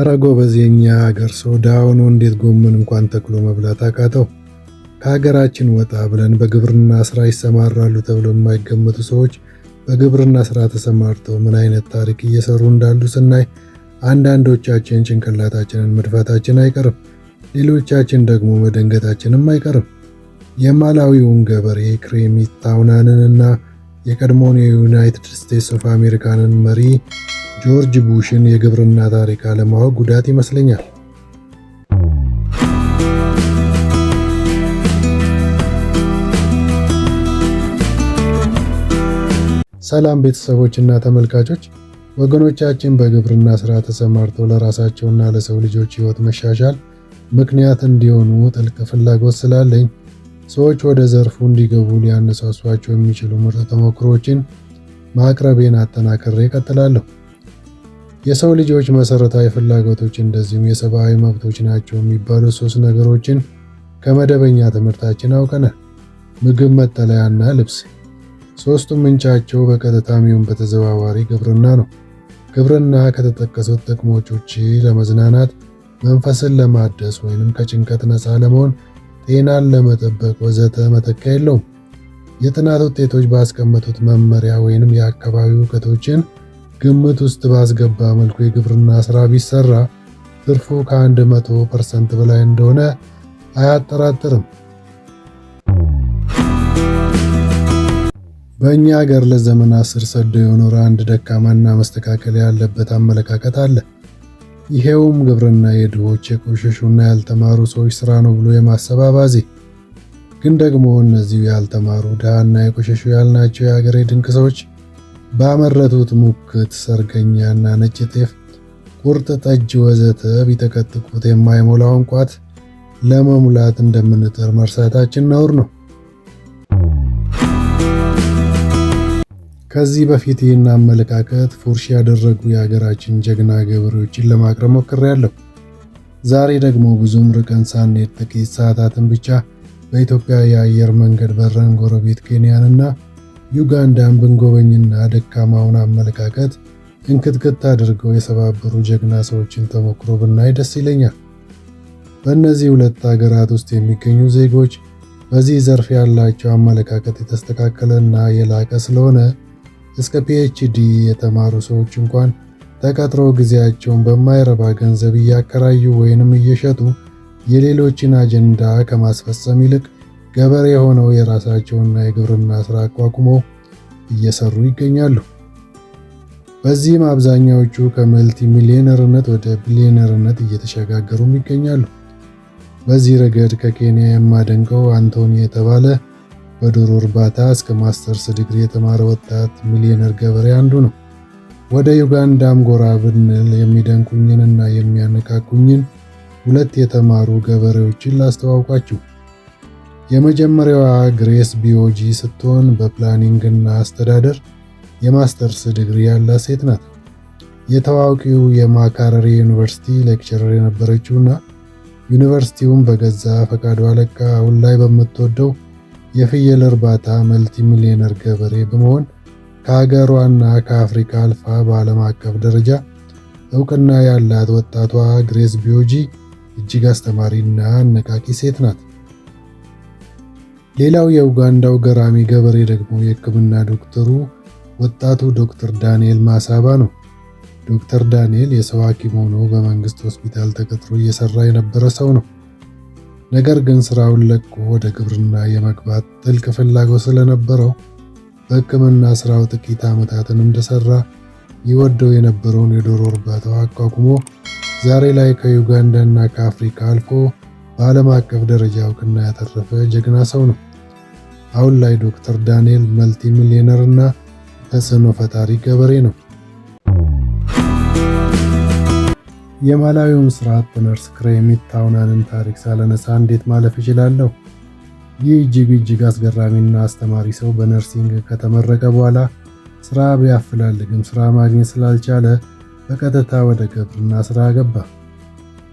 እረ ጎበዝ፣ የኛ ሀገር ሰው ዳውኑ እንዴት ጎመን እንኳን ተክሎ መብላት አቃተው? ከሀገራችን ወጣ ብለን በግብርና ስራ ይሰማራሉ ተብለው የማይገመቱ ሰዎች በግብርና ስራ ተሰማርተው ምን አይነት ታሪክ እየሰሩ እንዳሉ ስናይ አንዳንዶቻችን ጭንቅላታችንን መድፋታችን አይቀርም፣ ሌሎቻችን ደግሞ መደንገታችንም አይቀርም። የማላዊውን ገበሬ ክሬሚት ታውናንን እና የቀድሞውን የዩናይትድ ስቴትስ ኦፍ አሜሪካንን መሪ ጆርጅ ቡሽን የግብርና ታሪክ አለማወቅ ጉዳት ይመስለኛል። ሰላም ቤተሰቦችና ተመልካቾች ወገኖቻችን በግብርና ስራ ተሰማርተው ለራሳቸውና ለሰው ልጆች ህይወት መሻሻል ምክንያት እንዲሆኑ ጥልቅ ፍላጎት ስላለኝ ሰዎች ወደ ዘርፉ እንዲገቡ ሊያነሳሷቸው የሚችሉ ምርጥ ተሞክሮችን ማቅረቤን አጠናክሬ እቀጥላለሁ። የሰው ልጆች መሰረታዊ ፍላጎቶች እንደዚሁም የሰብአዊ መብቶች ናቸው የሚባሉ ሶስት ነገሮችን ከመደበኛ ትምህርታችን አውቀናል። ምግብ፣ መጠለያና ልብስ። ሶስቱም ምንጫቸው በቀጥታም ይሁን በተዘዋዋሪ ግብርና ነው። ግብርና ከተጠቀሱት ጥቅሞች ውጪ ለመዝናናት፣ መንፈስን ለማደስ ወይንም ከጭንቀት ነፃ ለመሆን፣ ጤናን ለመጠበቅ ወዘተ መተካ የለውም። የጥናት ውጤቶች ባስቀመጡት መመሪያ ወይንም የአካባቢ እውቀቶችን ግምት ውስጥ ባስገባ መልኩ የግብርና ስራ ቢሰራ ትርፉ ከአንድ መቶ ፐርሰንት በላይ እንደሆነ አያጠራጥርም። በእኛ ሀገር ለዘመናት ስር ሰዶ የኖረ አንድ ደካማና መስተካከል ያለበት አመለካከት አለ። ይሄውም ግብርና የድሆች የቆሸሹና ያልተማሩ ሰዎች ስራ ነው ብሎ የማሰብ አባዜ። ግን ደግሞ እነዚሁ ያልተማሩ ድሃና የቆሸሹ ያልናቸው የሀገሬ ድንቅ ሰዎች ባመረቱት ሙክት ሰርገኛና ነጭ ጤፍ፣ ቁርጥ ጠጅ፣ ወዘተ ቢተቀጥቁት የማይሞላውን ቋት ለመሙላት እንደምንጥር መርሳታችን ነውር ነው። ከዚህ በፊት ይህን አመለካከት ፉርሽ ያደረጉ የሀገራችን ጀግና ገበሬዎችን ለማቅረብ ሞክሬያለሁ። ዛሬ ደግሞ ብዙም ርቀን ሳንሄድ ጥቂት ሰዓታትን ብቻ በኢትዮጵያ የአየር መንገድ በረን ጎረቤት ኬንያንና ዩጋንዳን ብንጎበኝና ደካማውን አመለካከት እንክትክት አድርገው የሰባበሩ ጀግና ሰዎችን ተሞክሮ ብናይ ደስ ይለኛል። በእነዚህ ሁለት ሀገራት ውስጥ የሚገኙ ዜጎች በዚህ ዘርፍ ያላቸው አመለካከት የተስተካከለና የላቀ ስለሆነ እስከ ፒኤችዲ የተማሩ ሰዎች እንኳን ተቀጥሮ ጊዜያቸውን በማይረባ ገንዘብ እያከራዩ ወይንም እየሸጡ የሌሎችን አጀንዳ ከማስፈጸም ይልቅ ገበሬ ሆነው የራሳቸውና የግብርና ስራ አቋቁመው እየሰሩ ይገኛሉ። በዚህም አብዛኛዎቹ ከመልቲ ሚሊዮነርነት ወደ ቢሊዮነርነት እየተሸጋገሩም ይገኛሉ። በዚህ ረገድ ከኬንያ የማደንቀው አንቶኒ የተባለ በዶሮ እርባታ እስከ ማስተርስ ዲግሪ የተማረ ወጣት ሚሊዮነር ገበሬ አንዱ ነው። ወደ ዩጋንዳም ጎራ ብንል የሚደንቁኝንና የሚያነቃቁኝን ሁለት የተማሩ ገበሬዎችን ላስተዋውቃችሁ። የመጀመሪያዋ ግሬስ ቢዮጂ ስትሆን በፕላኒንግ እና አስተዳደር የማስተርስ ዲግሪ ያላት ሴት ናት። የታዋቂው የማካረሪ ዩኒቨርሲቲ ሌክቸረር የነበረችውና ዩኒቨርሲቲውን በገዛ ፈቃዷ ለቃ አሁን ላይ በምትወደው የፍየል እርባታ መልቲ ሚሊዮነር ገበሬ በመሆን ከሀገሯና ከአፍሪካ አልፋ በዓለም አቀፍ ደረጃ እውቅና ያላት ወጣቷ ግሬስ ቢዮጂ እጅግ አስተማሪና አነቃቂ ሴት ናት። ሌላው የኡጋንዳው ገራሚ ገበሬ ደግሞ የሕክምና ዶክተሩ ወጣቱ ዶክተር ዳንኤል ማሳባ ነው። ዶክተር ዳንኤል የሰው ሐኪም ሆኖ በመንግስት ሆስፒታል ተቀጥሮ እየሰራ የነበረ ሰው ነው። ነገር ግን ስራውን ለቆ ወደ ግብርና የመግባት ጥልቅ ፍላጎት ስለነበረው በሕክምና ስራው ጥቂት ዓመታትን እንደሰራ ይወደው የነበረውን የዶሮ እርባታው አቋቁሞ ዛሬ ላይ ከዩጋንዳና ከአፍሪካ አልፎ በዓለም አቀፍ ደረጃ እውቅና ያተረፈ ጀግና ሰው ነው። አሁን ላይ ዶክተር ዳንኤል መልቲ ሚሊዮነር እና ተጽዕኖ ፈጣሪ ገበሬ ነው። የማላዊውን ስርዓት በነርስ ክሬሚት ታውናንን ታሪክ ሳለነሳ እንዴት ማለፍ እችላለሁ? ይህ እጅግ እጅግ አስገራሚና አስተማሪ ሰው በነርሲንግ ከተመረቀ በኋላ ስራ ቢያፈላልግም ስራ ማግኘት ስላልቻለ በቀጥታ ወደ ግብርና ስራ ገባ።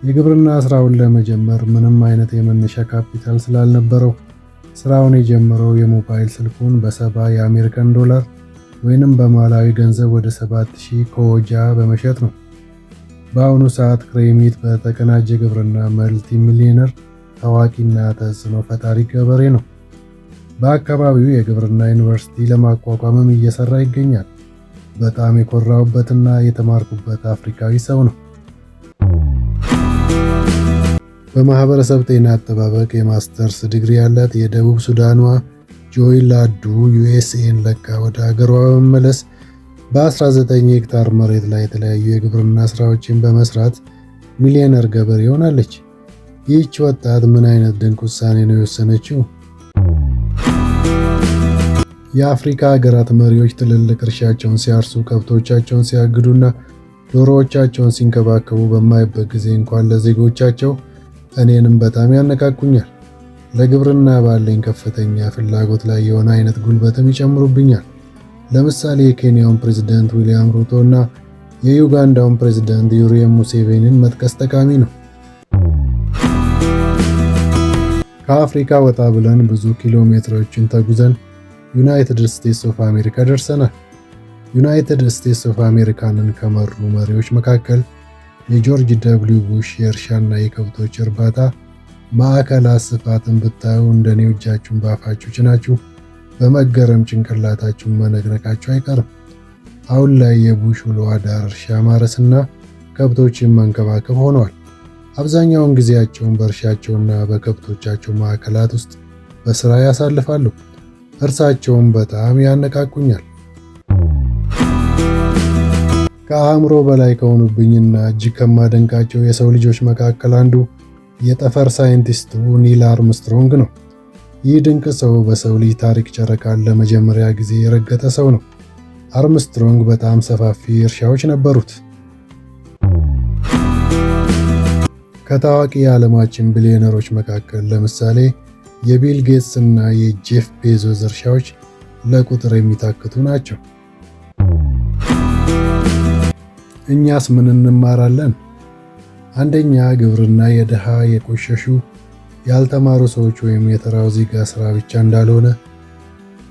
የግብርና ስራውን ለመጀመር ምንም አይነት የመነሻ ካፒታል ስላልነበረው ስራውን የጀመረው የሞባይል ስልኩን በሰባ የአሜሪካን ዶላር ወይንም በማላዊ ገንዘብ ወደ 7000 ኮጃ በመሸጥ ነው። በአሁኑ ሰዓት ክሬሚት በተቀናጀ ግብርና መልቲ ሚሊዮነር ታዋቂና ተጽዕኖ ፈጣሪ ገበሬ ነው። በአካባቢው የግብርና ዩኒቨርሲቲ ለማቋቋምም እየሰራ ይገኛል። በጣም የኮራውበትና የተማርኩበት አፍሪካዊ ሰው ነው። በማህበረሰብ ጤና አጠባበቅ የማስተርስ ዲግሪ ያላት የደቡብ ሱዳኗ ጆይ ላዱ ዩኤስኤን ለቃ ወደ አገሯ በመመለስ በ19 ሄክታር መሬት ላይ የተለያዩ የግብርና ስራዎችን በመስራት ሚሊዮነር ገበሬ ሆናለች። ይህች ወጣት ምን አይነት ድንቅ ውሳኔ ነው የወሰነችው? የአፍሪካ ሀገራት መሪዎች ትልልቅ እርሻቸውን ሲያርሱ ከብቶቻቸውን ሲያግዱና ዶሮዎቻቸውን ሲንከባከቡ በማይበት ጊዜ እንኳን ለዜጎቻቸው እኔንም በጣም ያነቃቁኛል። ለግብርና ባለኝ ከፍተኛ ፍላጎት ላይ የሆነ አይነት ጉልበትም ይጨምሩብኛል። ለምሳሌ የኬንያውን ፕሬዚደንት ዊልያም ሩቶ እና የዩጋንዳውን ፕሬዝዳንት ዩሪየም ሙሴቬኒን መጥቀስ ጠቃሚ ነው። ከአፍሪካ ወጣ ብለን ብዙ ኪሎ ሜትሮችን ተጉዘን ዩናይትድ ስቴትስ ኦፍ አሜሪካ ደርሰናል። ዩናይትድ ስቴትስ ኦፍ አሜሪካንን ከመሩ መሪዎች መካከል የጆርጅ ደብሊው ቡሽ የእርሻና የከብቶች እርባታ ማዕከላት ስፋትን ብታዩ እንደኔ እጃችሁን ባፋችሁ ጭናችሁ በመገረም ጭንቅላታችሁን መነቅነቃችሁ አይቀርም። አሁን ላይ የቡሽ ውሎ አዳር እርሻ ማረስና ከብቶችን መንከባከብ ሆነዋል። አብዛኛውን ጊዜያቸውን በእርሻቸውና በከብቶቻቸው ማዕከላት ውስጥ በስራ ያሳልፋሉ። እርሳቸውን በጣም ያነቃቁኛል። ከአእምሮ በላይ ከሆኑብኝና እጅግ ከማደንቃቸው የሰው ልጆች መካከል አንዱ የጠፈር ሳይንቲስቱ ኒል አርምስትሮንግ ነው። ይህ ድንቅ ሰው በሰው ልጅ ታሪክ ጨረቃን ለመጀመሪያ ጊዜ የረገጠ ሰው ነው። አርምስትሮንግ በጣም ሰፋፊ እርሻዎች ነበሩት። ከታዋቂ የዓለማችን ቢሊዮነሮች መካከል ለምሳሌ የቢል ጌትስ እና የጄፍ ቤዞዝ እርሻዎች ለቁጥር የሚታክቱ ናቸው። እኛስ ምን እንማራለን? አንደኛ ግብርና የድሃ የቆሸሹ ያልተማሩ ሰዎች ወይም የተራው ዜጋ ስራ ብቻ እንዳልሆነ፣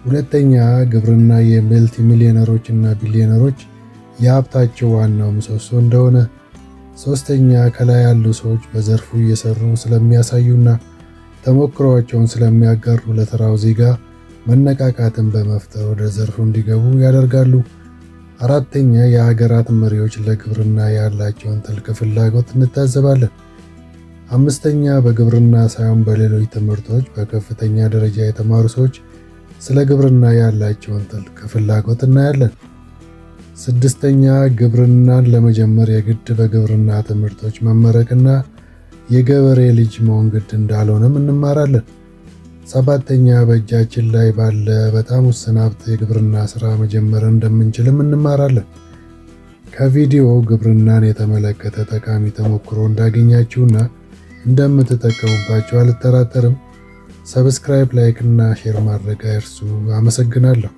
ሁለተኛ ግብርና የመልቲ ሚሊዮነሮች እና ቢሊዮነሮች የሀብታቸው ዋናው ምሰሶ እንደሆነ፣ ሶስተኛ ከላይ ያሉ ሰዎች በዘርፉ እየሰሩ ስለሚያሳዩና ተሞክሯቸውን ስለሚያጋሩ ለተራው ዜጋ መነቃቃትን በመፍጠር ወደ ዘርፉ እንዲገቡ ያደርጋሉ። አራተኛ የሀገራት መሪዎች ለግብርና ያላቸውን ጥልቅ ፍላጎት እንታዘባለን። አምስተኛ በግብርና ሳይሆን በሌሎች ትምህርቶች በከፍተኛ ደረጃ የተማሩ ሰዎች ስለ ግብርና ያላቸውን ጥልቅ ፍላጎት እናያለን። ስድስተኛ ግብርናን ለመጀመር የግድ በግብርና ትምህርቶች መመረቅና የገበሬ ልጅ መሆን ግድ እንዳልሆነም እንማራለን። ሰባተኛ በእጃችን ላይ ባለ በጣም ውስን ሀብት የግብርና ስራ መጀመር እንደምንችልም እንማራለን። ከቪዲዮ ግብርናን የተመለከተ ጠቃሚ ተሞክሮ እንዳገኛችሁና እንደምትጠቀሙባቸው አልጠራጠርም። ሰብስክራይብ፣ ላይክ እና ሼር ማድረግ አይርሱ። አመሰግናለሁ።